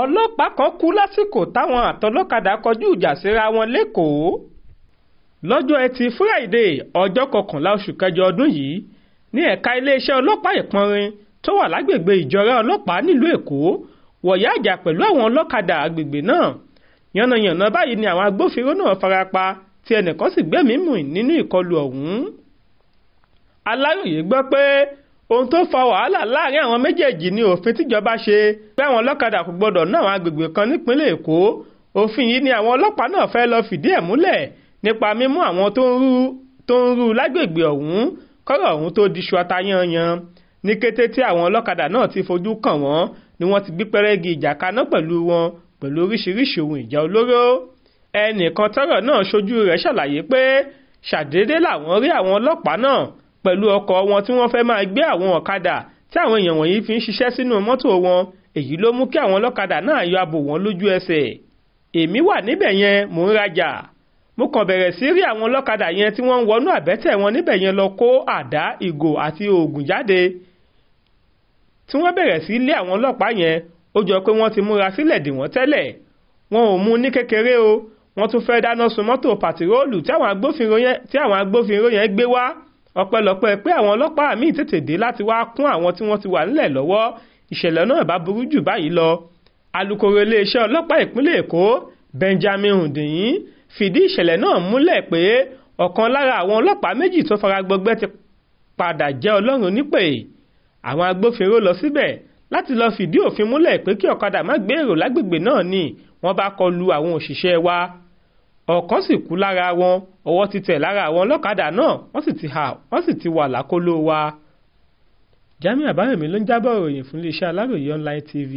ọlọ́pàá kan kú lásìkò táwọn àtọlọ́kadà kọjú ìjà síra wọn lẹ́kọ̀ọ́ lọ́jọ́ ẹtì Friday ọjọ́ kọkànlá oṣù kẹjọ ọdún yìí ní ẹ̀ka iléeṣẹ́ ọlọ́pàá ìpọnrin tó wà lágbègbè ìjọra ọlọ́pàá nílùú Èkó wọ̀yá àjà pẹ̀lú àwọn ọlọ́kadà àgbègbè náà yànnàyànnà báyìí ni àwọn agbófinró náà farapa tí ẹnìkan sì gbẹ́mìí mì nínú ìkọlù ọ̀hún Aláròyé gbọ́ pé ohun tó fa wàhálà láàrin àwọn méjèèjì ni òfin tíjọba ṣe pé àwọn ọlọ́kadà kò gbọdọ̀ ná àwọn agbègbè kan nípínlẹ̀ èkó òfin yìí ni àwọn ọlọ́pàá náà fẹ́ lọ fìdí ẹ̀ múlẹ̀ nípa mímú àwọn tó ń rú lágbègbè ọ̀hún kọ́rọ̀ ọ̀hún tó di ṣuata yanyan ní kété tí àwọn ọlọ́kadà náà ti fojú kàn wọ́n ni wọ́n ti gbé pẹ́rẹ́gì ìjà kaná pẹ̀lú wọn pẹ̀lú oríṣiríṣi ohun ìjà olóró ẹnìkan tọ́rọ̀ náà ṣojú rẹ̀ ṣàlàyé pé ṣàdédé làwọn rí àwọn ọlọ́pàá náà pẹ̀lú ọkọ̀ wọn tí wọ́n fẹ́ máa gbé àwọn ọ̀kadà tí àwọn èèyàn wọ̀nyí fi ń ṣiṣẹ́ sínú mọ́tò wọn èyí ló mú kí àwọn ọlọ́kadà náà yọ abò wọn lójú ẹsẹ̀ èmi wà níbẹ̀ yẹn mò ń rajà mo kàn bẹ̀rẹ̀ sí rí àwọn ọlọ́kadà yẹn tí wọ́n ń wọnú àbẹ́tẹ̀ wọn níbẹ̀ yẹn lọ kó àdá ìgò àti oògùn jáde tí wọ́n bẹ̀rẹ̀ sí lé àwọn ọlọ́pàá yẹn ó jọ pé wọ́n ti múra sílẹ̀ dè wọ́n tẹ́lẹ̀ wọn ò mú ní kékeré o wọ́n tún fẹ́ dáná sun mọ́tò pàtiróòlù tí àwọn agbófinró yẹn gbé wá ọpẹ́lọpẹ́ pé àwọn ọlọ́pàá míì tètè dé láti wáá kún àwọn tí wọ́n ti wà nílẹ̀ lọ́wọ́ ìṣẹ̀lẹ̀ náà bá burú jù báyìí lọ alūkkóró iléeṣẹ́ ọlọ́pàá ìpínlẹ̀ èkó benjamin hundeyin fìdí ìṣẹ̀lẹ̀ náà múlẹ̀ pé ọ̀kan lára àwọn ọlọ́pàá méjì tó fara gbọgbẹ́ ti padà jẹ́ ọlọ́run nípè àwọn agbófinró lọ síbẹ̀ láti lọ fìdí òfin múlẹ̀ pé kí ọ̀kadà má gbé lágbègbè náà ni wọ́n bá kọlu àwọn òṣìṣẹ́ wa ọ̀kan sì kú lára wọn ọwọ́ ti tẹ̀ lára àwọn ọlọ́kadà náà wọ́n sì ti hà wọ́n sì ti wà lákọlò wa. Jamiu Abáyọ̀mí ló ń jábọ̀ ìròyìn fún iléeṣẹ́ Aláròye online TV.